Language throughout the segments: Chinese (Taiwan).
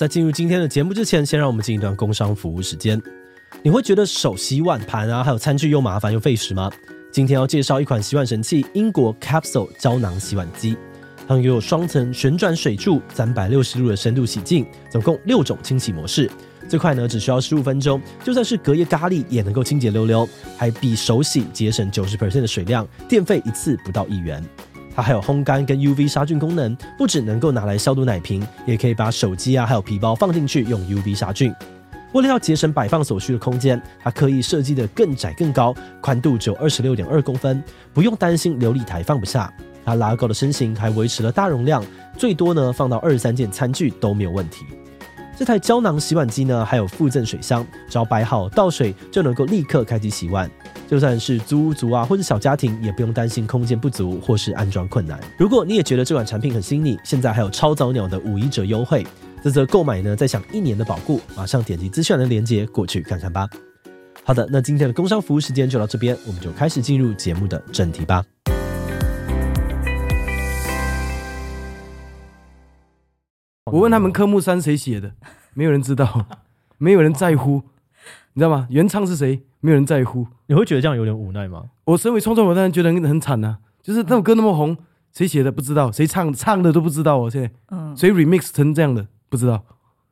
在進入今天的節目之前，先讓我們進一段工商服務時間。你會覺得手洗碗盤啊，還有餐具又麻煩又費時嗎？今天要介紹一款洗碗神器——英國 Capsule 膠囊洗碗機。它擁有雙層旋轉水柱，三百六十度的深度洗淨，總共六種清洗模式。最快呢，只需要十五分鐘，就算是隔夜咖喱也能夠清潔溜溜，還比手洗節省九十%的水量，電費一次不到一元。它還有烘乾跟 UV 殺菌功能，不只能夠拿來消毒奶瓶，也可以把手機啊，還有皮包放進去用 UV 殺菌。為了要節省擺放所需的空間，它可以設計得更窄更高，寬度只有二十六點二公分，不用擔心流理台放不下。它拉高的身形還維持了大容量，最多呢放到二十三件餐具都沒有問題。這台膠囊洗碗機呢，還有附贈水箱，只要擺好倒水就能夠立刻開機洗碗。就算是租屋族啊，或者小家庭，也不用擔心空間不足或是安裝困難。如果你也覺得這款產品很心儀，現在還有超早鳥的五一折優惠，這則購買呢，再享一年的保固，馬上點擊資訊欄的鏈接過去看看吧。好的，那今天的工商服務時間就到這邊，我們就開始進入節目的正題吧。我問他們科目三誰寫的，沒有人知道。沒有人，在乎，哦、你知道嗎？原唱是誰？沒有人在乎。你會覺得這樣有點無奈嗎？我身為創作，我當然覺得很慘啊！就是那首歌那麼紅，誰寫的不知道，誰唱唱的都不知道。我現在嗯，誰 remix 成這樣的不知道，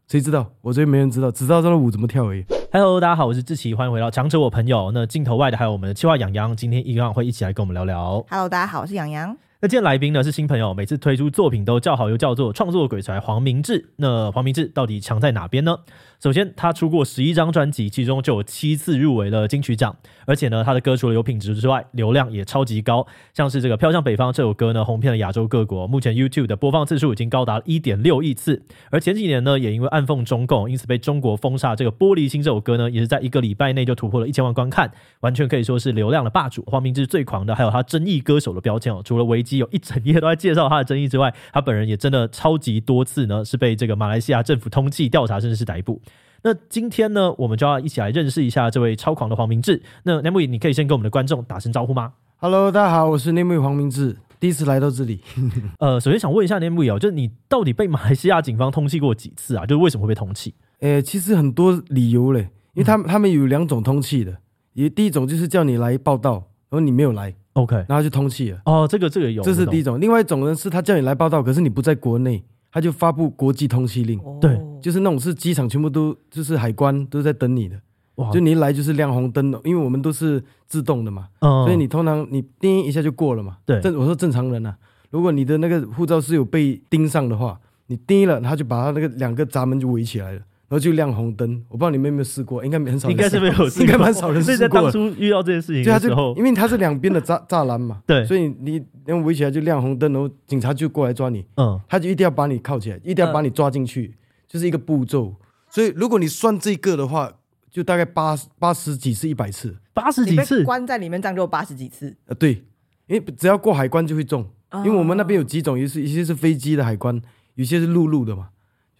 誰知道？我這邊沒人知道，只知道這個舞怎麼跳而已。Hello，大家好，我是志祺，歡迎回到強者我朋友。那鏡頭外的還有我們的企劃羊羊，今天一樣會一起來跟我們聊聊。Hello，大家好，我是羊羊。那今天來賓呢，是新朋友，每次推出作品都叫好又叫座創作鬼才黃明志。那黃明志到底強在哪邊呢？首先，他出過十一張專輯，其中就有七次入圍了金曲獎。而且呢，他的歌除了有品質之外，流量也超級高。像是這個《漂向北方》這首歌呢，紅遍了亞洲各國，目前 YouTube 的播放次數已經高達一點六億次。而前幾年呢，也因為暗諷中共，因此被中國封殺。這個《玻璃心》這首歌呢，也是在一個禮拜內就突破了一千萬觀看，完全可以說是流量的霸主。黃明志最狂的還有他爭議歌手的標籤哦，除了圍。有一整頁都在介紹他的爭議之外，他本人也真的超級多次呢，是被這個馬來西亞政府通緝、調查，甚至是逮捕。那今天呢，我們就要一起來認識一下這位超狂的黃明志。那 Namewee 你可以先跟我們的觀眾打聲招呼嗎？Hello，大家好，我是 Namewee 黃明志，第一次來到這裡。 呃，首先想問一下 Namewee 哦，就是你到底被馬來西亞警方通緝過幾次啊？就是為什麼會被通緝？誒、欸，其實很多理由嘞，因為他們、嗯、他們有兩種通緝的，也第一種就是叫你來報到，然後你沒有來。OK，然後就通緝了。哦，這個這個有，這是第一種。另外一種呢，是他叫你來報到，可是你不在國內，他就發布國際通緝令。對、哦，就是那種是機場全部都就是海關都在等你的，哇！就你一來就是亮紅燈了，因為我們都是自動的嘛，哦、所以你通常你盯一下就過了嘛。對、嗯，正、我說正常人呢、啊，如果你的那個護照是有被盯上的話，你盯了，他就把他那個兩個閘門就圍起來了。然後就亮紅燈，我不知道你們有沒有試過，應該沒很少，應該是沒有，應該蠻少人試過。所以在當初遇到這些事情的時候就它就，因為它是兩邊的柵柵欄嘛，對，所以你然後圍起來就亮紅燈，然後警察就過來抓你，嗯，他就一定要把你銬起來，一定要把你抓進去，嗯、就是一個步驟。所以如果你算這個的話，就大概八八十幾次，一百次，八十幾次，關在裡面，這樣就八十幾次。呃，對，因為只要過海關就會中，嗯、因為我們那邊有幾種，有是一些是飛機的海關，有些是陸路的嘛。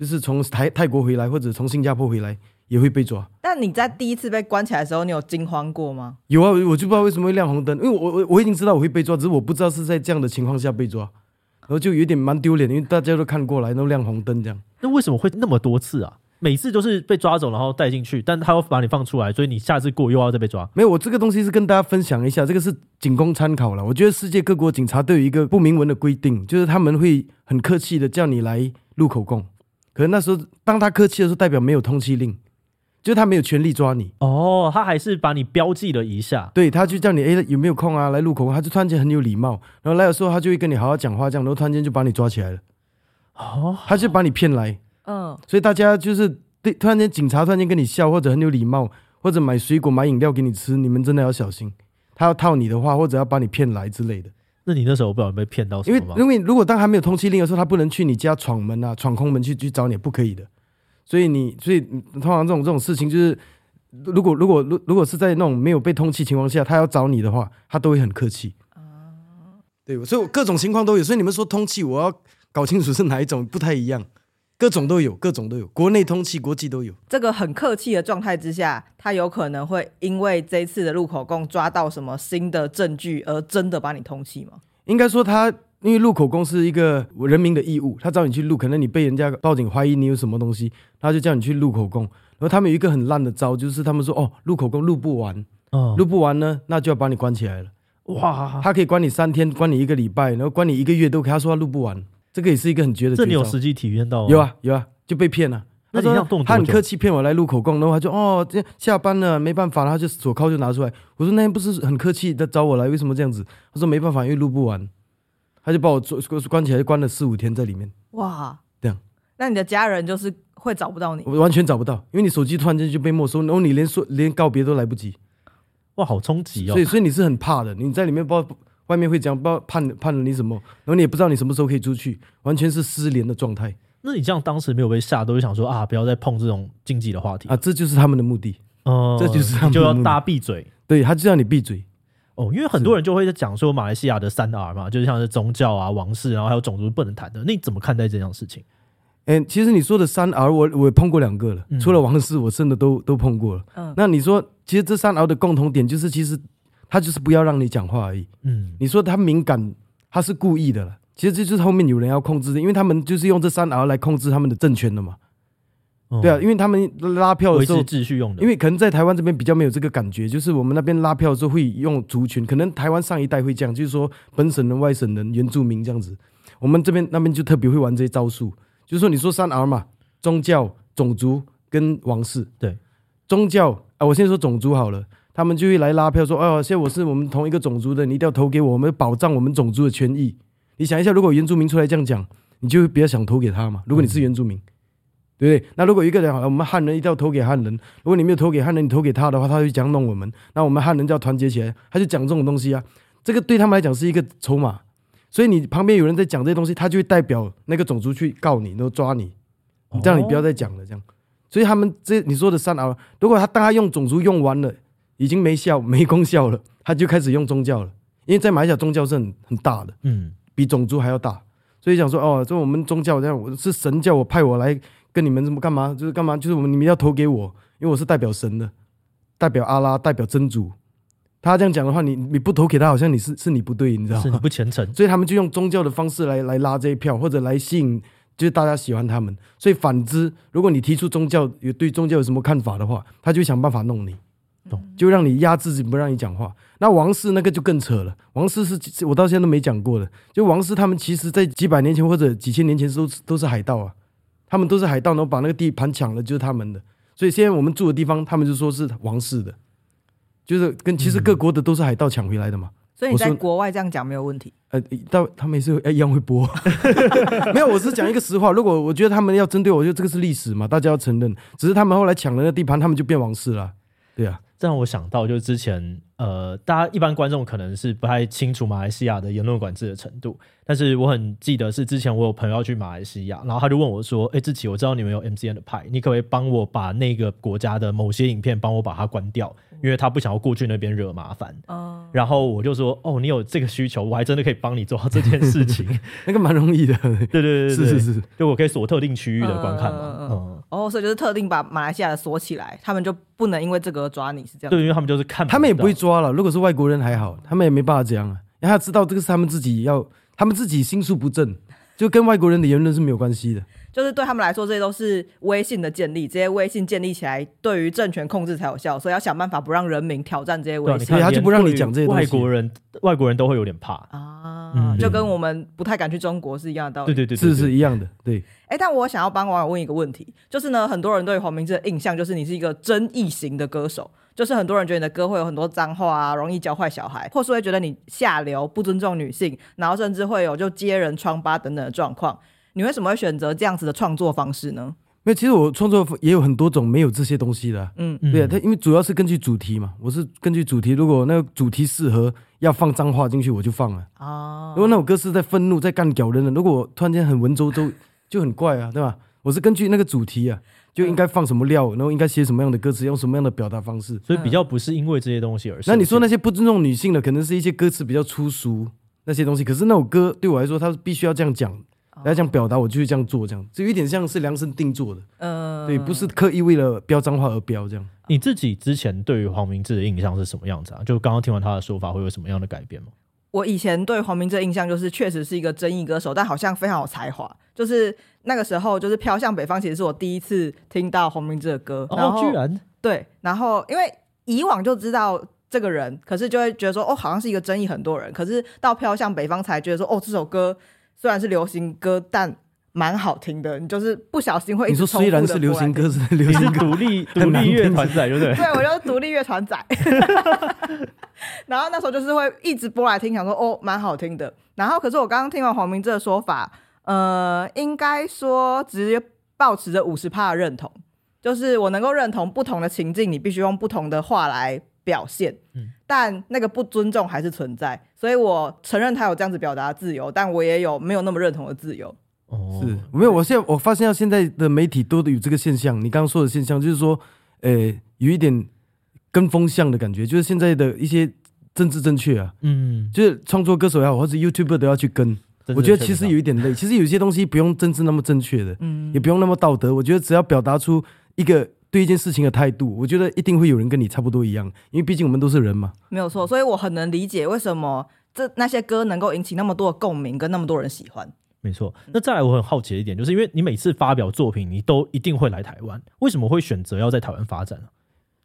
就是從泰泰國回來或者從新加坡回來也會被抓。但你在第一次被關起來的時候，你有驚慌過嗎？有啊，我就不知道為什麼會亮紅燈，因為我我我已經知道我會被抓，只是我不知道是在這樣的情況下被抓，然後就有點蠻丟臉，因為大家都看過來，然後亮紅燈這樣。那為什麼會那麼多次啊？每次都是被抓走，然後帶進去，但他會把你放出來，所以你下次過又要再被抓。沒有，我這個東西是跟大家分享一下，這個是僅供參考了。我覺得世界各國警察都有一個不明文的規定，就是他們會很客氣的叫你來錄口供。可是那時候當他客氣的時候，代表沒有通緝令，就他沒有權利抓你。哦，他還是把你標記了一下，對，他就叫你，哎，有沒有空啊，來錄口供。他就突然間很有禮貌，然後來的時候他就會跟你好好講話，這樣，然後突然間就把你抓起來了。哦，他就把你騙來，嗯，所以大家就是，對，突然間警察，突然間跟你笑，或者很有禮貌，或者買水果、買飲料給你吃，你們真的要小心，他要套你的話，或者要把你騙來之類的。是你那時候我不知道被騙到，因為因為如果當他沒有通緝令的時候，他不能去你家闖門啊，闖空門去去找你不可以的，所以你所以通常這種這種事情就是，如果如果如如果是在那種沒有被通緝情況下，他要找你的話，他都會很客氣，對，所以我各種情況都有，所以你們說通氣，我要搞清楚是哪一種不太一樣。各種都有，各種都有，國內通緝，國際都有。這個很客氣的狀態之下，他有可能會因為這次的錄口供抓到什麼新的證據，而真的把你通緝嗎？應該說他，他因為錄口供是一個人民的義務，他找你去錄，可能你被人家報警懷疑你有什麼東西，他就叫你去錄口供。然後他們有一個很爛的招，就是他們說哦，錄口供錄不完，錄、嗯、不完呢，那就要把你關起來了。哇，他可以關你三天，關你一個禮拜，然後關你一個月都可以，他說他錄不完。這個也是一個很絕的絕，這裡有實際體驗到有、啊，有啊有啊，就被騙了。那他，他，他很客氣騙我來錄口供，然後他就哦，這下班了沒辦法了，然後，他就手銬就拿出來。我說那天不是很客氣，的找我來為什麼這樣子？他說沒辦法，因為錄不完，他就把我關起來，就關了四五天在裡面。哇，這樣，那你的家人就是會找不到你，我完全找不到，因為你手機突然間就被沒收，然後你連說連告別都來不及。哇，好衝擊哦！所以所以你是很怕的，你在裡面不不。外面會講，不知道判判了你什麼，然後你也不知道你什麼時候可以出去，完全是失聯的狀態。那你這樣當時沒有被嚇到，都就想說啊，不要再碰這種禁忌的話題啊？這就是他們的目的，哦、嗯，這就是他們的目的，就要大家閉嘴，對，他就讓你閉嘴哦，因為很多人就會在講說馬來西亞的三 R 嘛，是就是像是宗教啊、王室，然後還有種族不能談的，那你怎麼看待這件事情？哎、欸，其實你說的三 R，我我也碰過兩個了，除了王室我，我真的都都碰過了。嗯，那你說其實這三 R 的共同點就是其實，他就是不要讓你講話而已。嗯，你說他敏感，他是故意的了。其實這就是後面有人要控制的，因為他們就是用這三 R 來控制他們的政權的嘛。對啊，因為他們拉票的時候用的。因為可能在台灣這邊比較沒有這個感覺，就是我們那邊拉票的時候會用族群，可能台灣上一代會這樣，就是說本省人、外省人、原住民這樣子。我們這邊那邊就特別會玩這些招數，就是說你說三 R 嘛，宗教、種族跟王室。對，宗教啊，我先說種族好了。他們就會來拉票說：“哦，現在我是我們同一個種族的，你一定要投給我，我們保障我們種族的權益。”你想一下，如果原住民出來這樣講，你就不要想投給他嘛。如果你是原住民，嗯、對不對？那如果一個人，我們漢人一定要投給漢人。如果你沒有投給漢人，你投給他的話，他就講弄我們。那我們漢人就要團結起來。他就講這種東西啊，這個對他們來講是一個籌碼。所以你旁邊有人在講這些東西，他就會代表那個種族去告你，然後抓你，這樣你不要再講了。這樣，哦、所以他們這你說的 3R，如果他大家用種族用完了。已經沒效、沒功效了，他就開始用宗教了。因為在馬來西亞，宗教是很，很大的，嗯，比種族還要大。所以想說，哦，這我們宗教這樣，我是神叫我派我來跟你們怎麼幹嘛？就是幹嘛？就是我們你們要投給我，因為我是代表神的，代表阿拉，代表真主。他這樣講的話，你你不投給他，好像你是是你不對，你知道嗎？是你不虔誠。所以他們就用宗教的方式來來拉這一票，或者來吸引，就是大家喜歡他們。所以反之，如果你提出宗教有對宗教有什麼看法的話，他就想辦法弄你。就讓你壓制，不讓你講話。那王室那個就更扯了。王室是我到現在都沒講過的。就王室他們其實，在幾百年前或者幾千年前，都是都是海盜啊。他們都是海盜，然後把那個地盤搶了，就是他們的。所以現在我們住的地方，他們就說是王室的，就是跟其實各國的都是海盜搶回來的嘛。所以你在我說 國外這樣講沒有問題。呃，到他們也是，一樣會播。 沒有，我是講一個實話。如果我覺得他們要針對我，我，就這個是歷史嘛，大家要承認。只是他們後來搶了那地盤，他們就變王室了。對啊。這讓我想到，就是之前，呃，大家一般觀眾可能是不太清楚馬來西亞的言論管制的程度，但是我很記得是之前我有朋友要去馬來西亞，然後他就問我說：“哎，志祺，我知道你們有 MCN 的派，你可不可以幫我把那個國家的某些影片幫我把它關掉？”因為他不想要過去那邊惹麻煩，嗯、然後我就說，哦，你有這個需求，我還真的可以幫你做這件事情， 那個蠻容易的。對對，對對對，是是是，就我可以鎖特定區域的觀看嘛，嗯嗯、哦，所以就是特定把馬來西亞的鎖起來，他們就不能因為這個抓你是這樣，對，因為他們就是看，他們也不會抓了。如果是外國人還好，他們也沒辦法這樣啊。因為他知道這個是他們自己要，他們自己心術不正，就跟外國人的言論是沒有關係的。就是對他們來說，這些都是威信的建立，這些威信建立起來，對於政權控制才有效，所以要想辦法不讓人民挑戰這些威信。對、啊，他就不讓你講這些東西。外國人，外國人都會有點怕啊，嗯、就跟我們不太敢去中國是一樣的道理對。對對對，是是一樣的。對誒。但我想要幫網友問一個問題，就是呢，很多人對於黃明志的印象就是你是一個爭議型的歌手，就是很多人覺得你的歌會有很多髒話啊，容易教壞小孩，或是會覺得你下流、不尊重女性，然後甚至會有就揭人瘡疤等等的狀況。你為什麼會選擇這樣子的創作方式呢？因為其實我創作也有很多種沒有這些東西的、啊，嗯，對啊，它因為主要是根據主題嘛，我是根據主題，如果那個主題適合要放髒話進去，我就放了。哦，因為那首歌是在憤怒，在幹屌人的，如果我突然間很文縐縐， 就很怪啊，對吧？我是根據那個主題啊，就應該放什麼料，嗯、然後應該寫什麼樣的歌詞，用什麼樣的表達方式，所以比較不是因為這些東西而是、嗯。那你說那些不尊重女性的，可能是一些歌詞比較粗俗那些東西，可是那首歌對我來說，它是必須要這樣講。要這樣表達，我就這樣做，這樣就有點像是量身定做的，嗯、呃，對，不是刻意為了飆髒話而飆。這樣。你自己之前對於黃明志的印象是什麼樣子啊？就剛剛聽完他的說法，會有什麼樣的改變嗎？我以前對黃明志的印象就是，確實是一個爭議歌手，但好像非常有才華。就是那個時候，就是《飄向北方》，其實是我第一次聽到黃明志的歌。然後、哦、居然對，然後因為以往就知道這個人，可是就會覺得說，哦，好像是一個爭議很多人，可是到《飄向北方》才覺得說，哦，這首歌。雖然是流行歌，但蠻好聽的。你就是不小心會聽你說，雖然是流行歌，是流行獨立獨立樂團仔，對不對？ 聽對，我就是獨立樂團仔。 然後那時候就是會一直播來聽，想說，哦，蠻好聽的。然後可是我剛剛聽完黃明志的說法，呃，應該說直接抱持着五十趴的認同，就是我能夠認同不同的情境，你必須用不同的話來表現。嗯但那個不尊重還是存在，所以我承認他有這樣子表達自由，但我也有沒有那麼認同的自由。哦是，是沒有。我現在我發現到現在的媒體都有這個現象，你剛剛說的現象就是說，呃、欸，有一點跟風向的感覺，就是現在的一些政治正確啊，嗯，就是創作歌手也好，或者 YouTuber 都要去跟。我覺得其實有一點累，其實有一些東西不用政治那麼正確的，嗯，也不用那麼道德，我覺得只要表達出一個。對一件事情的態度，我覺得一定會有人跟你差不多一樣，因為畢竟我們都是人嘛。沒有錯，所以我很能理解為什麼這那些歌能夠引起那麼多的共鳴，跟那麼多人喜歡。沒錯，那再來我很好奇一點，嗯、就是因為你每次發表作品，你都一定會來台灣，為什麼會選擇要在台灣發展、啊？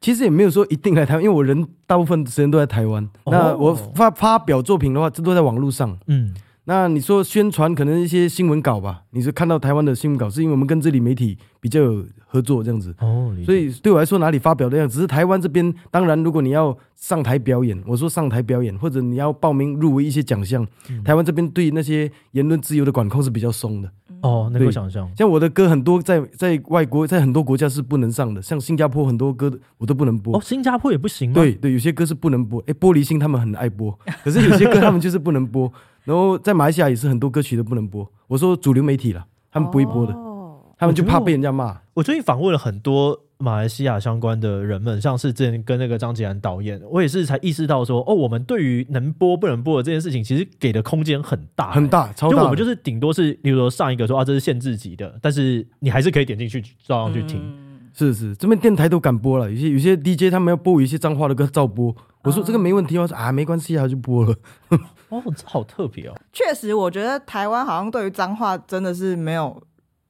其實也沒有說一定來台灣，因為我人大部分時間都在台灣。哦、那我發發表作品的話，這都在網絡上。嗯。那你說宣傳可能一些新聞稿吧？你是看到台灣的新聞稿，是因為我們跟這裡媒體。比較有合作這樣子，哦，所以對我來說哪裡發表的樣，只是台灣這邊。當然，如果你要上台表演，我說上台表演或者你要報名入圍一些獎項，台灣這邊對那些言論自由的管控是比較鬆的。哦，那個想象，像我的歌很多在在外國，在很多國家是不能上的，像新加坡很多歌我都不能播。哦，新加坡也不行。對對，有些歌是不能播。誒。玻璃心他們很愛播，可是有些歌他們就是不能播。然後在馬來西亞也是很多歌曲都不能播。我說主流媒體啦，他們不會播的。他們就怕被人家罵。我最近訪問了很多馬來西亞相關的人們，像是之前跟那個張吉安導演，我也是才意識到說，哦，我們對於能播不能播的這件事情，其實給的空間很大，欸，很大，超大。就我們就是頂多是，比如說上一個說啊，這是限制級的，但是你還是可以點進去照樣去聽。嗯、是是，這邊電台都敢播了，有些有些 DJ 他們要播一些髒話的歌照播。嗯、我說這個沒問題，我說啊沒關係啊，他就播了。 哦，這好特別哦，喔。確實，我覺得台灣好像對於髒話真的是沒有。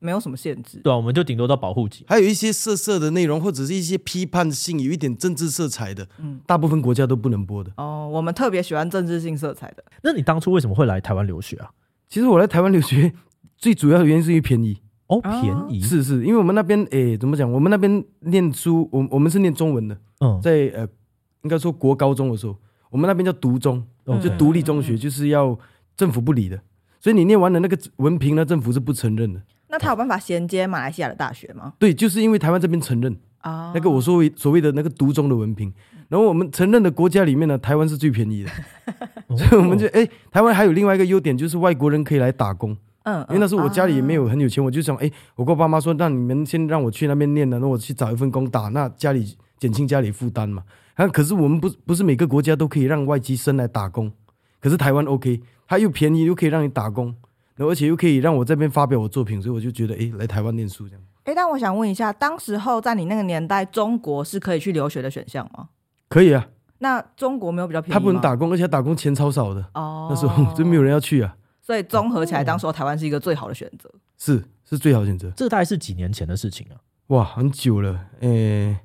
沒有什麼限制，對、啊、我們就頂多到保護級，還有一些色色的內容，或者是一些批判性、有一點政治色彩的，嗯，大部分國家都不能播的。哦，oh, 我們特別喜歡政治性色彩的。那你當初為什麼會來台灣留學啊？其實我來台灣留學最主要的原因是因為便宜。哦，oh, 便宜是是，因為我們那邊，誒、欸。怎麼講？我們那邊念書，我我們是念中文的。嗯，在呃，應該說國高中的時候，我們那邊叫獨中，okay, 就獨立中學，嗯嗯嗯就是要政府不理的，所以你念完了那個文憑呢，政府是不承認的。那他有辦法銜接馬來西亞的大學嗎？對，就是因為台灣這邊承認啊，oh. 那個我所謂，所謂的那個獨中的文憑，然後我們承認的國家裡面呢，台灣是最便宜的， 所以我們就哎、oh. 欸，台灣還有另外一個優點，就是外國人可以來打工，嗯，oh. 因為那時候我家裡也沒有很有錢，oh. 我就想哎、欸，我跟我爸媽說，那你們先讓我去那邊念了，那我去找一份工打，那家裡減輕家裡負擔嘛。可是我們不不是每個國家都可以讓外籍生來打工，可是台灣 OK，它又便宜又可以讓你打工。然後，而且又可以讓我這邊發表我作品，所以我就覺得，誒、欸，來台灣念書這樣、欸。但我想問一下，當時候在你那個年代，中國是可以去留學的選項嗎？可以啊。那中國沒有比較便宜？他不能打工，而且他打工錢超少的。哦。那時候就沒有人要去啊。所以綜合起來，當時候台灣是一個最好的選擇。哦、是，是最好的選擇。這大概是幾年前的事情了、啊。哇，很久了。誒、欸，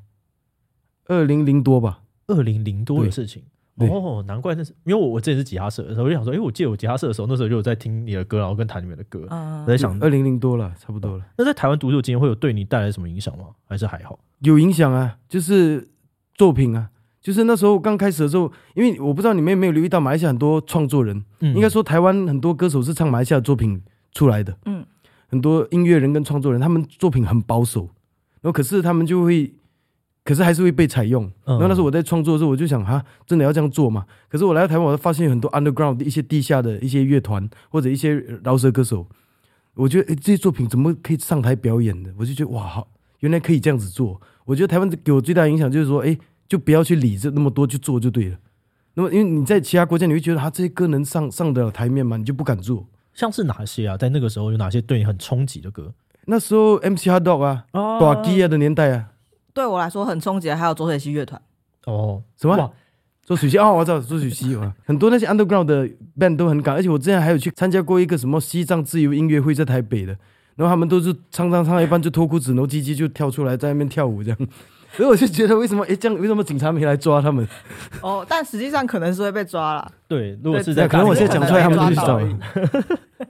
二零零多吧，二零零多的事情。哦，難怪那是，因為我我之前是吉他社的時候，我就想說，為、欸、我記得我吉他社的時候，那時候就有在聽你的歌，然後跟台裡面的歌，嗯、我在想二零零多了，差不多了。那在台灣讀書的經驗會有對你帶來什麼影響嗎？還是還好？有影響啊，就是作品啊，就是那時候剛開始的時候，因為我不知道你們有沒有留意到，馬來西亞很多創作人，嗯、應該說台灣很多歌手是唱馬來西亞作品出來的，嗯，很多音樂人跟創作人，他們作品很保守，然後可是他們就會。可是還是會被採用。然後那時候我在創作的時候，我就想，哈，真的要這樣做嘛？可是我來到台灣，我發現有很多 underground 一些地下的一些樂團或者一些饒舌歌手，我覺得，誒，這些作品怎麼可以上台表演的？我就覺得，哇，原來可以這樣子做。我覺得台灣給我最大的影響就是說，哎，就不要去理這那麼多，去做就對了。那麼，因為你在其他國家，你會覺得他這些歌能上上得了台面嗎？你就不敢做。像是哪些啊？在那個時候有哪些對你很衝擊的歌？那時候 MC HotDog 啊，哦，大支的年代啊。對我來說很衝擊，還有左水溪樂團。哦，什麼左哇水溪？哦，我知道左水溪啊， 很多那些 underground 的 band 都很敢，而且我之前還有去參加過一個什麼西藏自由音樂會，在台北的，然後他們都是唱唱唱一般就脫褲子、然後唧唧就跳出來在那邊跳舞這樣，所以我就覺得為什麼誒，這樣為什麼警察沒來抓他們？哦，但實際上可能是會被抓了。對，如果是這樣對，可能我現在講出來對他們就去找你，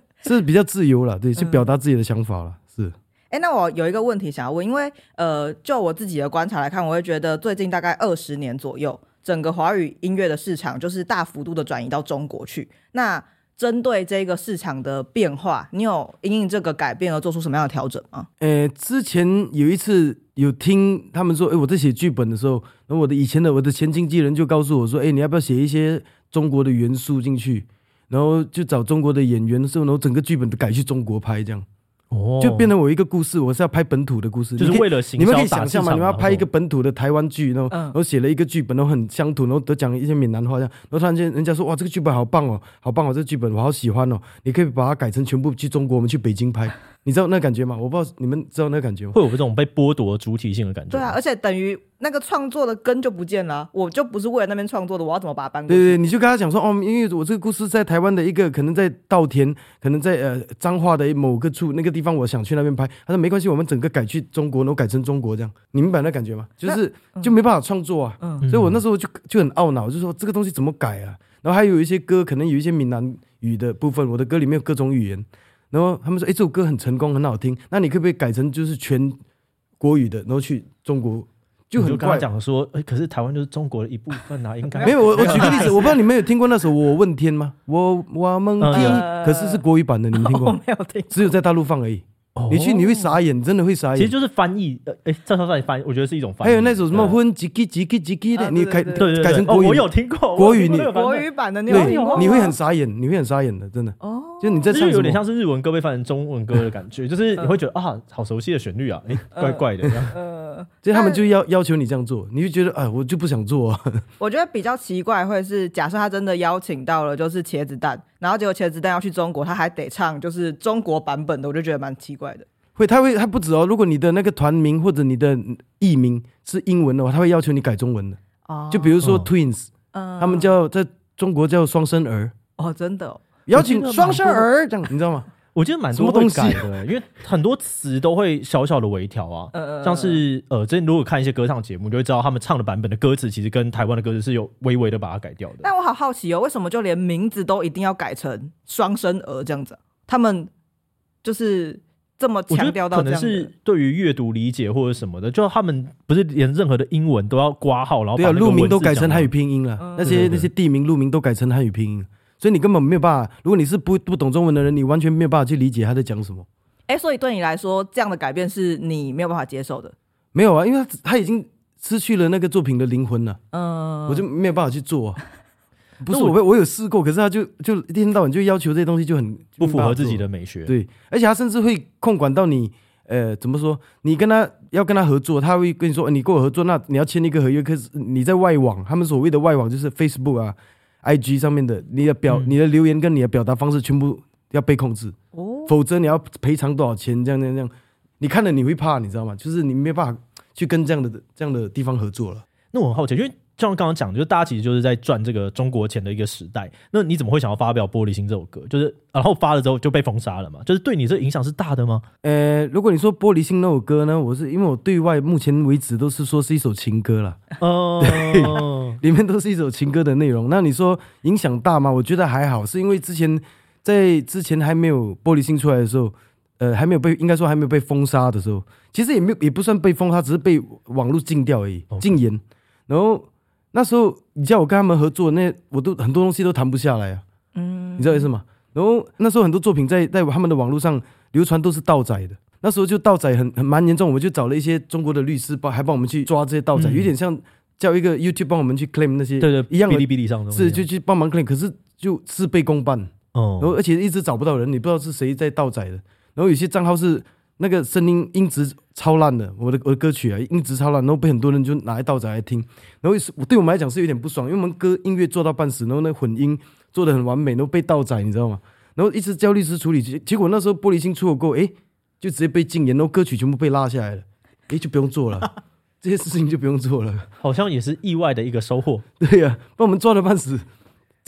是比較自由了，對，去表達自己的想法了，嗯、是。誒、欸，那我有一個問題想要問，因為呃，就我自己的觀察來看，我會覺得最近大概二十年左右，整個華語音樂的市場就是大幅度的轉移到中國去。那針對這個市場的變化，你有因應這個改變而做出什麼樣的調整嗎？呃、欸，之前有一次有聽他們說，誒、欸，我在寫劇本的時候，那我的以前的我的前經紀人就告訴我說，誒、欸，你要不要寫一些中國的元素進去？然後就找中國的演員的時候，然後整個劇本都改去中國拍這樣。哦，oh. 就變成我一個故事，我是要拍本土的故事，就是為了形象，你們可以想象嘛，你們要拍一個本土的台灣劇，然後寫、嗯、了一個劇本，都很鄉土，然後都講一些閩南話這樣，然後突然間人家說，哇，這個劇本好棒哦，好棒哦，這個劇本我好喜歡哦，你可以把它改成全部去中國，我們去北京拍。你知道那感覺嗎？我不知道你們知道那感覺嗎？會有這種被剝奪主體性的感覺。對啊，而且等於那個創作的根就不見了，我就不是為了那邊創作的，我要怎麼把它搬過來？對，對對，你就跟他講說哦，因為我這個故事在台灣的一個，可能在稻田，可能在呃彰化的某個處那個地方，我想去那邊拍。他說沒關係，我們整個改去中國，然後改成中國這樣。你明白那感覺嗎？就是、嗯、就沒辦法創作啊。嗯，所以我那時候就就很懊惱，就說這個東西怎麼改啊？然後還有一些歌，可能有一些閩南語的部分，我的歌裡面有各種語言。然後他們說：“哎，這首歌很成功，很好聽。那你可不可以改成就是全國語的，然後去中國就很快講說，哎，可是台灣就是中國的一部分啊，應該沒有。”我我舉個例子，我不知道你們有聽過那首《我問天》嗎？我我們聽，可是是國語版的，你聽過？我沒有聽過，只有在大陸放而已。你去你會傻眼，真的會傻眼。其實就是翻譯，哎，至少在翻譯，我覺得是一種翻譯。還有那首什麼“哼吉吉吉吉吉”的，你改改成國語有聽過國語？你國語版的，你會你會很傻眼，你會很傻眼的，真的就你在唱，有點像是日文歌被翻成中文歌的感覺， 就是你會覺得、呃、啊，好熟悉的旋律啊，欸、怪怪的這樣呃。呃，就他們就要但要求你這樣做，你就覺得啊、哎，我就不想做、哦。我覺得比較奇怪，會是假設他真的邀請到了，就是茄子蛋，然後結果茄子蛋要去中國，他還得唱就是中國版本的，我就覺得蠻奇怪的。會，他會他不止哦。如果你的那個團名或者你的藝名是英文的話，他會要求你改中文的。哦，就比如說 Twins，、哦、他們叫在中國叫雙生兒。哦，真的、哦。邀請雙生兒這樣，你知道嗎？我覺得蠻多都改的， 因為很多詞都會小小的微調啊。呃、像是呃，最近如果看一些歌唱節目，就會知道他們唱的版本的歌詞，其實跟台灣的歌詞是有微微的把它改掉的。但我好好奇哦、喔，為什麼就連名字都一定要改成雙生兒這樣子、啊？他們就是這麼強調到這的？可能是對於閱讀理解或者什麼的，就他們不是連任何的英文都要括號？老闆路名都改成漢語拼音了，嗯、那些那些地名路名都改成漢語拼音。所以你根本沒有辦法，如果你是不不懂中文的人，你完全沒有辦法去理解他在講什麼。誒、欸，所以對你來說，這樣的改變是你沒有辦法接受的。沒有啊，因為他他已經失去了那個作品的靈魂了，嗯，我就沒有辦法去做啊。 不是我，我有試過，可是他就就一天到晚就要求這些東西，就很不符合自己的美學。對，而且他甚至會控管到你，呃，怎麼說？你跟他要跟他合作，他會跟你說，你跟我合作，那你要簽一個合約。可是你在外網，他們所謂的外網就是 Facebook 啊。IG 上面的你的表、嗯、你的留言跟你的表達方式，全部要被控制，哦、否則你要賠償多少錢？這樣、這樣、這樣，你看了你會怕，你知道嗎？就是你沒辦法去跟這樣的這樣的地方合作了。那我很好奇，因為。就像剛剛講的，就大家其實就是在賺這個中國錢的一個時代。那你怎麼會想要發表《玻璃心》這首歌？就是然後發了之後就被封殺了嘛？就是對你這影響是大的嗎？呃，如果你說《玻璃心》那首歌呢，我是因為我對外目前為止都是說是一首情歌了。哦，oh. 對，裡面都是一首情歌的內容。那你說影響大嗎？我覺得還好，是因為之前在之前還沒有《玻璃心》出來的時候，呃，還沒有被應該說還沒有被封殺的時候，其實也沒有也不算被封殺，只是被網絡禁掉而已，Okay. 禁言。然後。那時候你叫我跟他們合作，那我都很多東西都談不下來啊，嗯，你知道意思嗎？然後那時候很多作品在在他們的網絡上流傳都是盜載的，那時候就盜載很很蠻嚴重，我們就找了一些中國的律師幫還幫我們去抓這些盜載，有點像叫一個 YouTube 幫我們去 claim 那些對對一樣的嗶哩嗶哩上是就去幫忙 claim，可是就事倍功半，哦，然後而且一直找不到人，你不知道是誰在盜載的，然後有些賬號是。那個聲音音質超爛的，我的我的歌曲啊，音質超爛，然後被很多人就拿來盜載來聽，然後我對我們來講是有點不爽，因為我們歌音樂做到半死，然後那混音做得很完美，然後被盜載你知道嗎？然後一直叫律師處理，結果那時候玻璃心出過誒，哎，就直接被禁言，然後歌曲全部被拉下來了，哎，就不用做了，這些事情就不用做了，好像也是意外的一個收穫，對呀、啊，把我們賺了半死。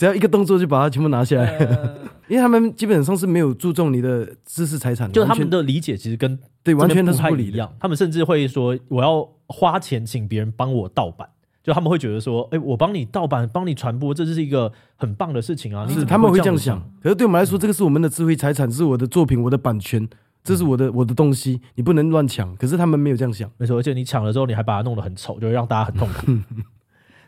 只要一個動作就把它全部拿下來，uh, 因為他們基本上是沒有注重你的知識財產，就他們的理解其實跟理對完全都是不一樣。他們甚至會說：“我要花錢請別人幫我盜版。”就他們會覺得說：“誒、欸，我幫你盜版，幫你傳播，這是一個很棒的事情啊！”是，他們會這樣想。可是對我們來說，嗯、這個是我們的智慧財產，是我的作品，我的版權，這是我的、嗯、我的東西，你不能亂搶。可是他們沒有這樣想，沒錯。而且你搶了之後，你還把它弄得很醜，就會讓大家很痛苦。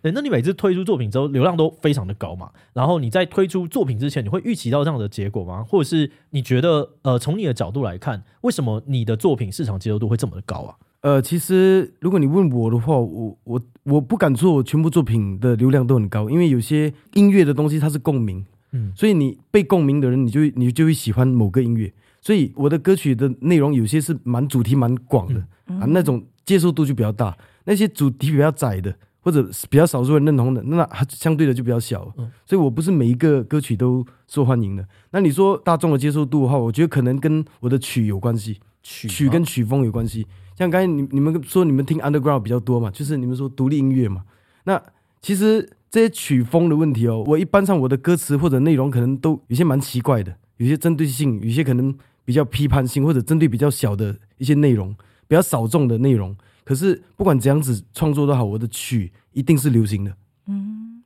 欸、那，你每次推出作品之後，流量都非常的高嘛？然後你在推出作品之前，你會預期到這樣的結果嗎？或者是你覺得，呃，從你的角度來看，為什麼你的作品市場接受度會這麼的高啊？呃，其實如果你問我的話，我我我不敢說我全部作品的流量都很高，因為有些音樂的東西它是共鳴，嗯，所以你被共鳴的人，你就你就會喜歡某個音樂。所以我的歌曲的內容有些是蠻主題蠻廣的、嗯、啊，那種接受度就比較大；那些主題比較窄的。或者比較少數人認同的，那相對的就比較小。嗯、所以我不是每一個歌曲都受歡迎的。那你說大眾的接受度的話，我覺得可能跟我的曲有關係，曲，啊、曲跟曲風有關係。像剛才你你們說你們聽 Underground 比較多嘛，就是你們說獨立音樂嘛。那其實這些曲風的問題哦，我一般上我的歌詞或者內容可能都有些蠻奇怪的，有些針對性，有些可能比較批判性或者針對比較小的一些內容，比較小眾的內容。可是不管怎樣子創作都好，我的曲一定是流行的。嗯，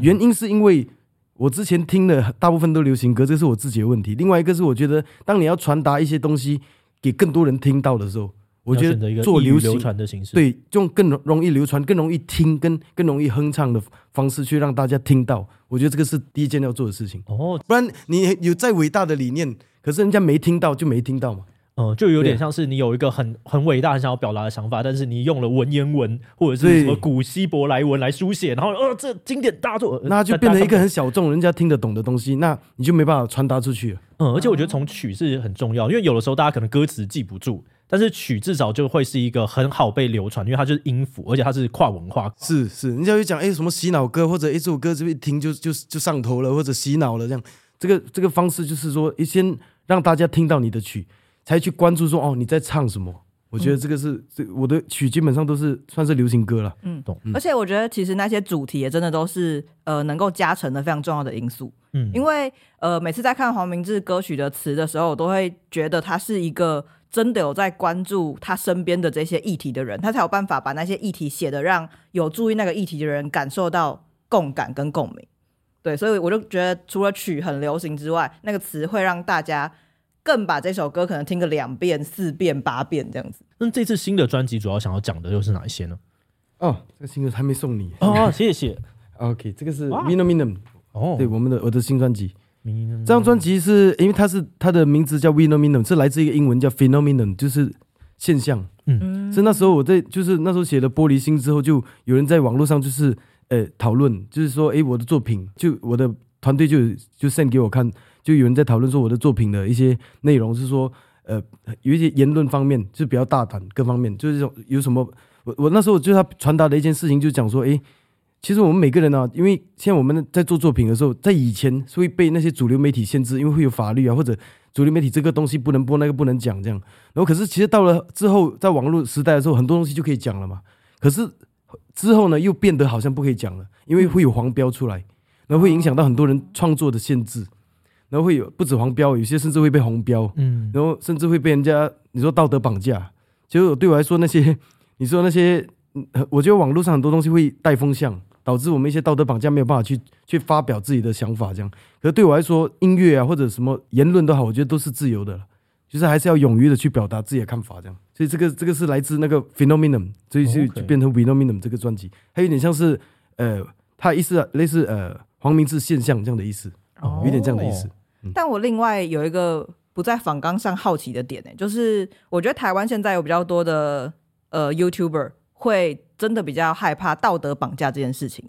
原因是因為我之前聽的大部分都流行歌，這是我自己的問題。另外一個是，我覺得當你要傳達一些東西給更多人聽到的時候，我覺得做流行對，就更容易流傳、更容易聽、跟更容易哼唱的方式去讓大家聽到，我覺得這個是第一件要做的事情。不然你有再偉大的理念，可是人家沒聽到就沒聽到嘛。嗯，就有點像是你有一個很很偉大、很想要表達的想法，對但是你用了文言文或者是什麼古希伯來文來書寫，對然後呃，這經典大作，呃、那就變成一個很小眾、人家聽得懂的東西，那你就沒辦法傳達出去。嗯，而且我覺得從曲是很重要，嗯、因為有的時候大家可能歌詞記不住，但是曲至少就會是一個很好被流傳，因為它就是音符，而且它是跨文化。是是，人家會講哎什麼洗腦歌，或者誒，這首歌是不是一聽就就就上頭了，或者洗腦了這樣。這個這個方式就是說，一先讓大家聽到你的曲。才去關注說哦，你在唱什麼？我覺得這個是這、嗯、我的曲基本上都是算是流行歌了。嗯，嗯，懂。而且我覺得其實那些主題也真的都是呃能夠加成的非常重要的因素，嗯。因為呃每次在看黃明志歌曲的詞的時候，我都會覺得他是一個真的有在關注他身邊的這些議題的人，他才有辦法把那些議題寫得讓有注意那個議題的人感受到共感跟共鳴。對，所以我就覺得除了曲很流行之外，那個詞會讓大家。更把這首歌可能聽個兩遍、四遍、八遍這樣子。那這次新的專輯主要想要講的又是哪一些呢？哦，這個新的還沒送你哦，謝謝。 OK，這個是 m i n o m i n u m 哦哇，對，我們的我的新專輯。哦、這張專輯是因為它是它的名字叫 m i n o m i n u m 是來自一個英文叫 Phenomenum，就是現象。嗯，所以那時候我在就是那時候寫了《玻璃心》之後，就有人在網絡上就是呃討論，就是說哎、欸、我的作品，就我的團隊就就 send 給我看。就有人在討論說我的作品的一些內容是說，呃，有一些言論方面就比較大膽，各方面就是有什麼，我我那時候就他傳達的一件事情就講說，哎，其實我們每個人啊，因為現在我們在做作品的時候，在以前是會被那些主流媒體限制，因為會有法律啊或者主流媒體這個東西不能播，那個不能講這樣。然後可是其實到了之後在網絡時代的時候，很多東西就可以講了嘛。可是之後呢，又變得好像不可以講了，因為會有黃標出來，然後會影響到很多人創作的限制。然後會有不止黃標，有些甚至會被紅標，嗯，然後甚至會被人家你說道德綁架。其實對我來說，那些你說那些，我覺得網絡上很多東西會帶風向，導致我們一些道德綁架沒有辦法去去發表自己的想法。這樣，可是對我來說，音樂啊或者什麼言論都好，我覺得都是自由的，就是還是要勇於的去表達自己的看法。這樣，所以這個這個是來自那個 phenomenon，um, oh, okay. 所以就變成 phenomenon，um，這個專輯，還有點像是呃，它意思類似呃黃明志現象這樣的意思，oh, 有點這樣的意思。Okay. 但我另外有一個不在訪綱上好奇的點呢，就是我覺得台灣現在有比較多的呃 YouTuber 會真的比較害怕道德綁架這件事情，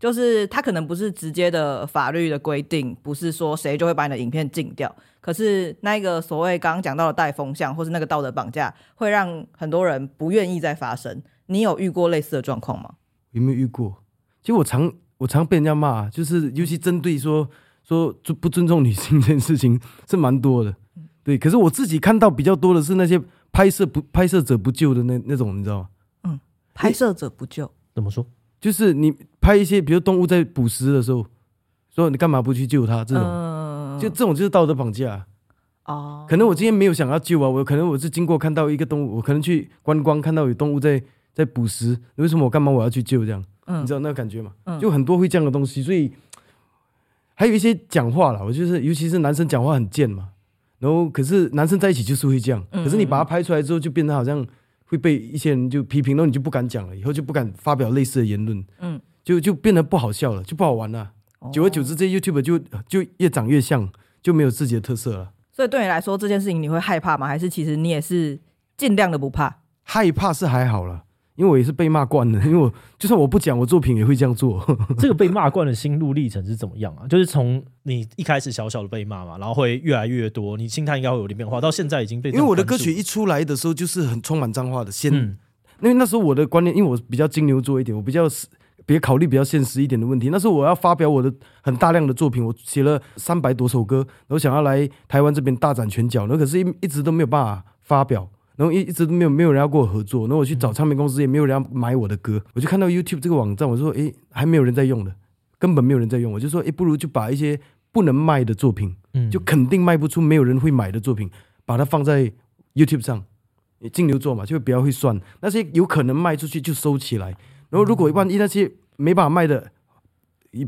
就是他可能不是直接的法律的規定，不是說誰就會把你的影片禁掉，可是那個所謂剛剛講到的帶風向或是那個道德綁架，會讓很多人不願意再發聲。你有遇過類似的狀況嗎？有沒有遇過？其實我常我常被人家罵，就是尤其針對說。說不不尊重女性這件事情是蠻多的，對。可是我自己看到比較多的是那些拍攝不拍攝者不救的那那種，你知道嗎？嗯，拍攝者不救、欸、怎麼說？就是你拍一些比如動物在捕食的時候，說你幹嘛不去救它？這種、嗯、就這種就是道德綁架、啊、哦。可能我今天沒有想要救啊，我可能我是經過看到一個動物，我可能去觀光看到有動物在在捕食，為什麼我幹嘛我要去救這樣？嗯、你知道那個感覺嗎？就很多會這樣的東西，所以。還有一些講話了，我就是尤其是男生講話很賤嘛，然後可是男生在一起就是會這樣，可是你把它拍出來之後就變得好像會被一些人就批評，然後你就不敢講了，以後就不敢發表類似的言論，嗯，就就變得不好笑了，就不好玩了。嗯、久而久之這些，這 YouTuber 就就越長越像，就沒有自己的特色了。所以對你來說，這件事情你會害怕嗎？還是其實你也是盡量的不怕？害怕是還好了。因為我也是被罵慣的，因為我就算我不講，我作品也會這樣做。這個被罵慣的心路歷程是怎麼樣啊？就是從你一開始小小的被罵嘛，然後會越來越多，你心態應該會有點變化。到現在已經被罵慣了。因為我的歌曲一出來的時候就是很充滿髒話的，先、嗯、因為那時候我的觀念，因為我比較金牛座一點，我比較別考慮比較現實一點的問題。那時候我要發表我的很大量的作品，我寫了三百多首歌，然後想要來台灣這邊大展拳腳，那可是，一直都沒有辦法發表。然後一一直都沒有沒有人要跟我合作，然後我去找唱片公司也沒有人要買我的歌。嗯、我就看到 YouTube 這個網站，我就說：“誒，還沒有人在用的，根本沒有人在用。”我就說：“誒，不如就把一些不能賣的作品，嗯，就肯定賣不出、沒有人會買的作品，把它放在 YouTube 上。金牛座嘛，就比較會算那些有可能賣出去就收起來。然後如果萬一那些沒辦法賣的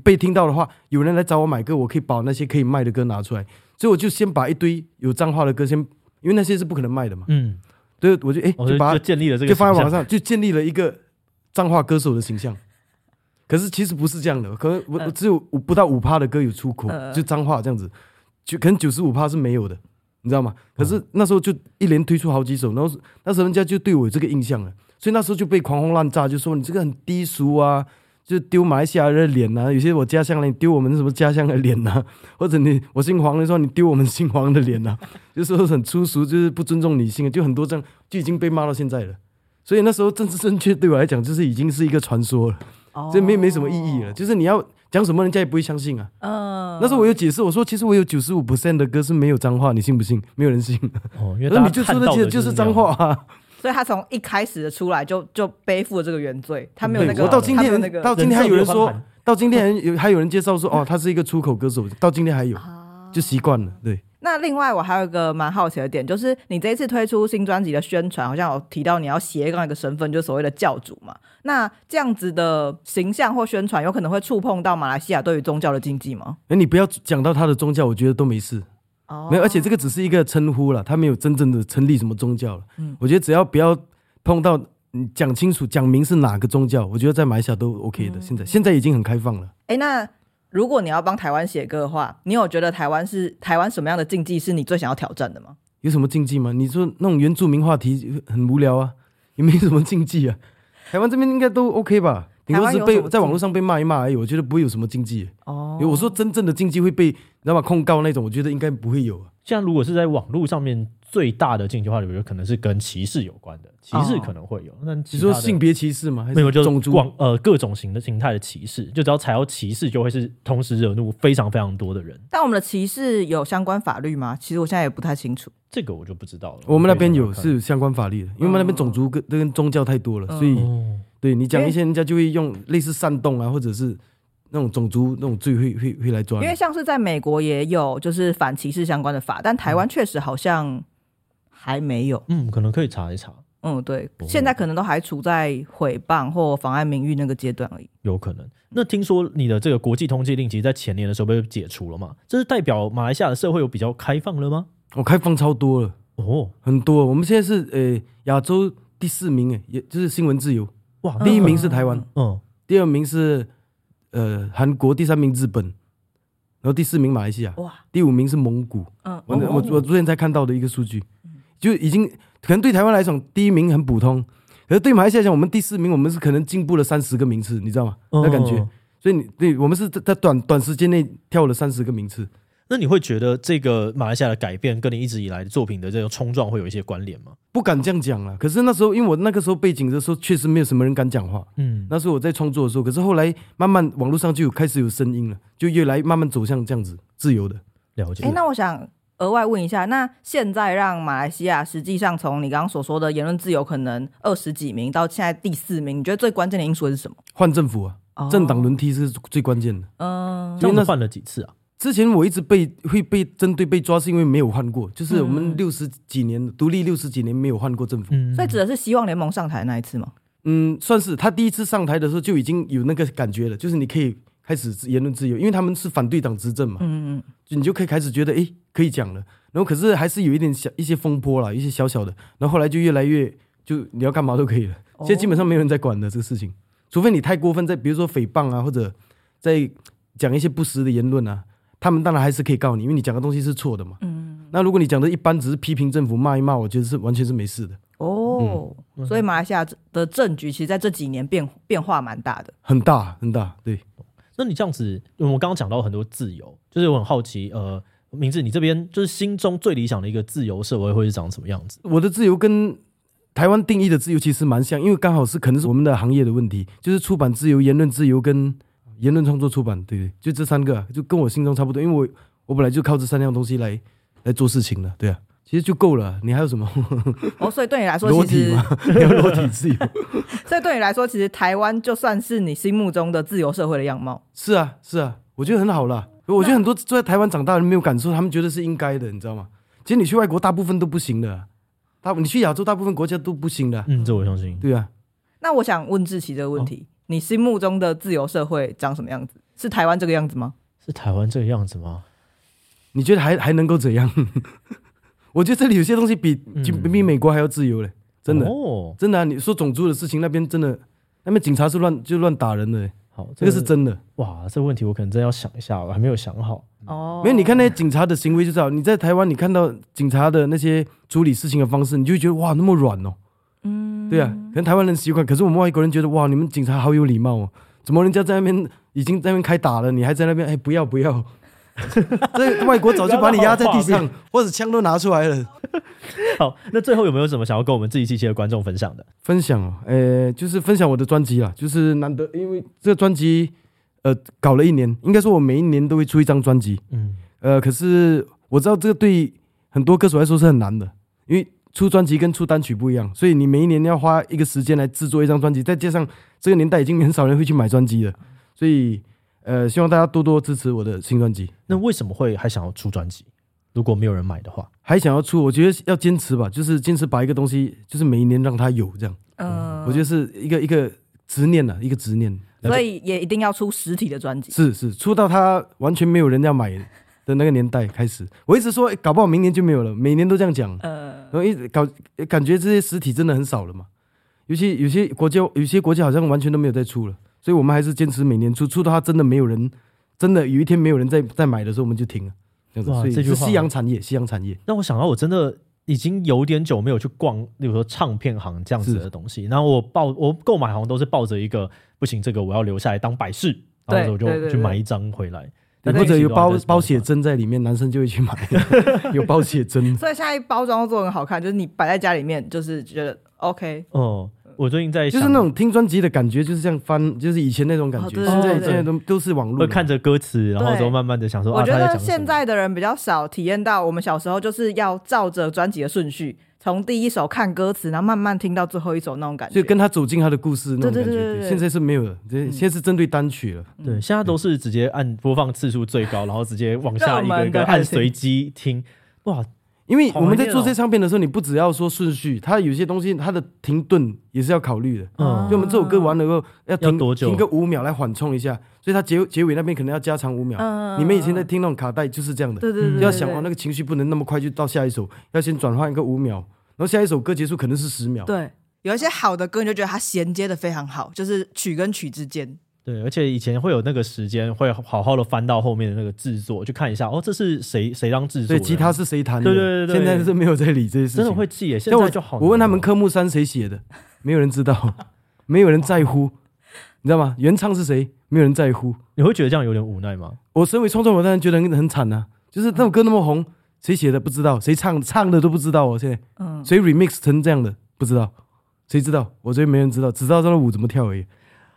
被聽到的話，有人來找我買歌，我可以把那些可以賣的歌拿出來。所以我就先把一堆有髒話的歌先，因為那些是不可能賣的嘛，嗯。”對，我就誒，就把它就建立了這個，就放在網上，就建立了一個髒話歌手的形象。可是其實不是這樣的，可能我只有五、呃、不到五趴的歌有出口，就髒話這樣子，就可能九十五趴是沒有的，你知道嗎？可是那時候就一連推出好幾首，嗯、然後那時候人家就對我有這個印象了，所以那時候就被狂轟濫炸，就說你這個很低俗啊。就丟馬來西亞人的臉吶、啊，有些我家鄉人丟我們什麼家鄉的臉吶、啊，或者你我姓黃的時候，你丟我們姓黃的臉吶、啊，就是很粗俗，就是不尊重女性，就很多這樣就已經被罵到現在了。所以那時候政治正確對我來講就是已經是一個傳說了，所以沒沒什麼意義了。就是你要講什麼人家也不會相信啊。哦、那時候我有解釋，我說其實我有九十五 percent 的歌是沒有髒話，你信不信？沒有人信。那你就說的其實就是髒話。 所以他從一開始的出來就就背負了這個原罪，他沒有那個。我到今天，哦他哦、到今天還有人說到今天還有人介紹說哦， 哦，他是一個出口歌手，到今天還有，嗯、就習慣了。對。那另外我還有一個蠻好奇的點，就是你這一次推出新專輯的宣傳，好像有提到你要寫一個身份，就是、所謂的教主嘛。那這樣子的形象或宣傳，有可能會觸碰到馬來西亞對於宗教的禁忌嗎？哎、欸，你不要講到他的宗教，我覺得都沒事。哦，沒有，而且這個只是一個稱呼了，他沒有真正的成立什麼宗教了。嗯，我覺得只要不要碰到，講清楚講明是哪個宗教，我覺得在馬來西亞都 OK 的。嗯、現在現在已經很開放了。哎、欸，那如果你要幫台灣寫歌的話，你有覺得台灣是台灣什麼樣的禁忌是你最想要挑戰的嗎？有什麼禁忌嗎？你說那種原住民話題很無聊啊，也沒什麼禁忌啊。台灣這邊應該都 OK 吧？ 比如果是被在網絡上被罵一罵而已，我覺得不會有什麼禁忌，欸麼禁忌。禁忌欸、哦，欸、我說真正的禁忌會被，你知道嗎？控告那種，我覺得應該不會有。像如果是在網絡上面最大的禁忌的話，裡面，有可能是跟歧視有關的，哦、歧視可能會有。那你說性別歧視嗎？還是種族？沒有，就是廣呃各種形的形態的歧視，就只要踩到歧視，就會是同時惹怒非常非常多的人。但我們的歧視有相關法律嗎？其實我現在也不太清楚，這個我就不知道了。我們那邊有是有相關法律的，因為我們那邊種族跟、嗯、跟宗教太多了，所以。嗯對，你講一些，人家就會用類似煽動啊，因為或者是那種種族那種罪會，會會會來抓。因為像是在美國也有就是反歧視相關的法，但台灣確實好像還沒有。嗯，可能可以查一查。嗯，對。哦、現在可能都還處在毀謗或妨礙名譽那個階段而已。有可能。那聽說你的這個國際通緝令，其實在前年的時候被解除了嘛？這是代表馬來西亞的社會有比較開放了嗎？我、哦、開放超多了哦，很多。我們現在是呃亞洲第四名誒，也就是新聞自由。第一名是台灣，嗯，嗯，第二名是呃韓國，第三名日本，然後第四名馬來西亞，哇，第五名是蒙古，嗯，哦，我我，我昨天才看到的一個數據，就已經可能對台灣來講第一名很普通，可是對馬來西亞來講，我們第四名，我們是可能進步了三十個名次，你知道嗎？那感覺，嗯，所以你對我們是在短短時間內跳了三十個名次。那你會覺得這個馬來西亞的改變跟你一直以來的作品的這種衝撞會有一些關聯嗎？不敢這樣講啊。可是那時候，因為我那個時候背景的時候，確實沒有什麼人敢講話。嗯，那時候我在創作的時候，可是後來慢慢網絡上就有開始有聲音了，就越來慢慢走向這樣子自由的。了解了。欸，那我想額外問一下，那現在讓馬來西亞實際上從你剛剛所說的言論自由可能二十幾名到現在第四名，你覺得最關鍵的因素是什麼？換政府啊，政黨輪替是最關鍵的。嗯，這樣換了幾次啊？之前我一直被會被針對被抓，是因為沒有換過，就是我們六十幾年，嗯、獨立六十幾年沒有換過政府，所以指的是希望聯盟上台那一次嗎？嗯，算是他第一次上台的時候就已經有那個感覺了，就是你可以開始言論自由，因為他們是反對黨執政嘛，嗯嗯，就你就可以開始覺得，欸、可以講了，然後可是還是有一點小一些風波啦，一些小小的，然後後來就越來越就你要幹嘛都可以了，現在基本上沒有人在管的，哦、這個事情，除非你太過分在，在比如說誹謗啊或者在講一些不實的言論啊。他們當然還是可以告你，因為你講的東西是錯的嘛。嗯，那如果你講的一般只是批評政府罵一罵，我覺得是完全是沒事的。哦，嗯，所以馬來西亞的政局其實在這幾年變變化蠻大的，很大很大。對，那你這樣子，我剛剛講到很多自由，就是我很好奇，呃，明志你這邊就是心中最理想的一個自由社會會是長什麼樣子？我的自由跟台灣定義的自由其實蠻像，因為剛好是可能是我們的行業的問題，就是出版自由、言論自由跟。言論創作出版，對不對？就這三個，就跟我心中差不多，因為我我本來就靠這三樣東西來來做事情的，對啊，其實就夠了。你還有什麼？ 哦，所以對你來說，其實你要裸體自由。 所以對你來說，其實台灣就算是你心目中的自由社會的樣貌。 是啊，是啊，我覺得很好了、啊。我覺得很多在台灣長大的人沒有感受，他們覺得是應該的，你知道嗎？其實你去外國大部分都不行的、啊，大你去亞洲大部分國家都不行的、啊。嗯，這我相信。對啊。那我想問志祺這個問題。哦你心目中的自由社會長什麼樣子？是台灣這個樣子嗎？是台灣這個樣子嗎？你覺得還還能夠怎樣？ 我覺得這裡有些東西比、嗯、比美國還要自由嘞、欸，真的、哦、真的、啊。你說種族的事情，那邊真的，那邊警察是亂就亂打人的、欸，好，這個是真的。哇，這個問題我可能真要想一下，我還沒有想好哦。沒有，你看那些警察的行為就知道，你在台灣你看到警察的那些處理事情的方式，你就會覺得哇，那麼軟哦，嗯。對啊，可能台灣人習慣，可是我們外國人覺得哇，你們警察好有禮貌哦！怎麼人家在那邊已經在那邊開打了，你還在那邊哎不要不要？不要 在外國早就把你壓在地上，或者槍都拿出來了。好，那最後有沒有什麼想要跟我們志祺七七的觀眾分享的？分享哦，哎、呃，就是分享我的專輯啊。就是難得，因為這個專輯呃搞了一年，應該說我每一年都會出一張專輯，嗯，呃，可是我知道這個對很多歌手來說是很難的，因為。出專輯跟出單曲不一樣，所以你每一年要花一個時間來製作一張專輯，再加上這個年代已經很少人會去買專輯了，所以呃，希望大家多多支持我的新專輯。那為什麼會還想要出專輯？如果沒有人買的話，還想要出？我覺得要堅持吧，就是堅持把一個東西，就是每一年讓它有這樣。嗯，我覺得是一個一個執念啊，一個執念。所以也一定要出實體的專輯。是是，出到它完全沒有人要買的那個年代開始，我一直說，搞不好明年就沒有了，每年都這樣講。嗯嗯然後一直搞，感覺這些實體真的很少了嘛？尤其有些國家，有些國家好像完全都沒有在出了，所以我們還是堅持每年出。出到它，真的沒有人，真的有一天沒有人再再買的時候，我們就停了。哇，這就是夕陽產業，夕陽產業，讓我想到我真的已經有點久沒有去逛，比如說唱片行這樣子的東西。的然後我抱我購買好像都是抱着一個，不行，這個我要留下來當擺飾，對然後我就去買一張回來。對對對對或者有包對包寫真在裡面，男生就會去買， 有包寫真。所以下一包裝做的很好看，就是你擺在家裡面，就是覺得 OK。哦，我最近在就是那種聽專輯的感覺，就是這樣翻，就是以前那種感覺。哦、對對對，都是網絡。看着歌詞，然後就慢慢的享受對、啊、我覺得現在的人比較少體驗到，我們小時候就是要照着專輯的順序。從第一首看歌詞，然後慢慢聽到最後一首那種感覺，就跟他走進他的故事那種感覺。現在是沒有了，這現在是針對單曲了。對，現在都是直接按播放次數最高，然後直接往下一個按隨機聽。哇，因為我們在做這唱片的時候，你不只要說順序，它有些東西它的停頓也是要考慮的。嗯，就我們這首歌完了以後要停多久？停個五秒來緩衝一下，所以它結結尾那邊可能要加長五秒。嗯，你們以前在聽那種卡帶就是這樣的。對，要想往那個情緒不能那麼快就到下一首，要先轉換一個五秒。然後下一首歌結束可能是十秒。對，有一些好的歌，你就覺得它銜接的非常好，就是曲跟曲之間。對，而且以前會有那個時間，會好好的翻到後面的那個制作，去看一下哦，這是誰誰當制作，對，吉他是誰彈的？對，對對對。現在是沒有在理這些事情，真的會記耶。現在就好我，我問他們科目三誰寫的，沒有人知道，沒有人在乎， 你知道嗎？原唱是誰？沒有人在乎。 你會覺得這樣有點無奈嗎？我身為創作人，覺得很，很慘啊，就是那首歌那麼紅。嗯誰寫的不知道，誰唱唱的都不知道。我現在，嗯，誰 remix 成這樣的不知道，誰知道？我這邊沒人知道，只知道這個舞怎麼跳而已。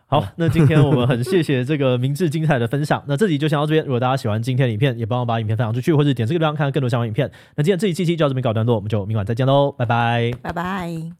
好，嗯、那今天我們很謝謝這個明志精彩的分享。嗯、那這裡就先到這邊，嗯、如果大家喜歡今天的影片，也幫我把影片分享出去，或者點這個地方，看看更多相關影片。那今天這一期就到這邊告一段落，我們就明晚再見嘍，拜拜，拜拜。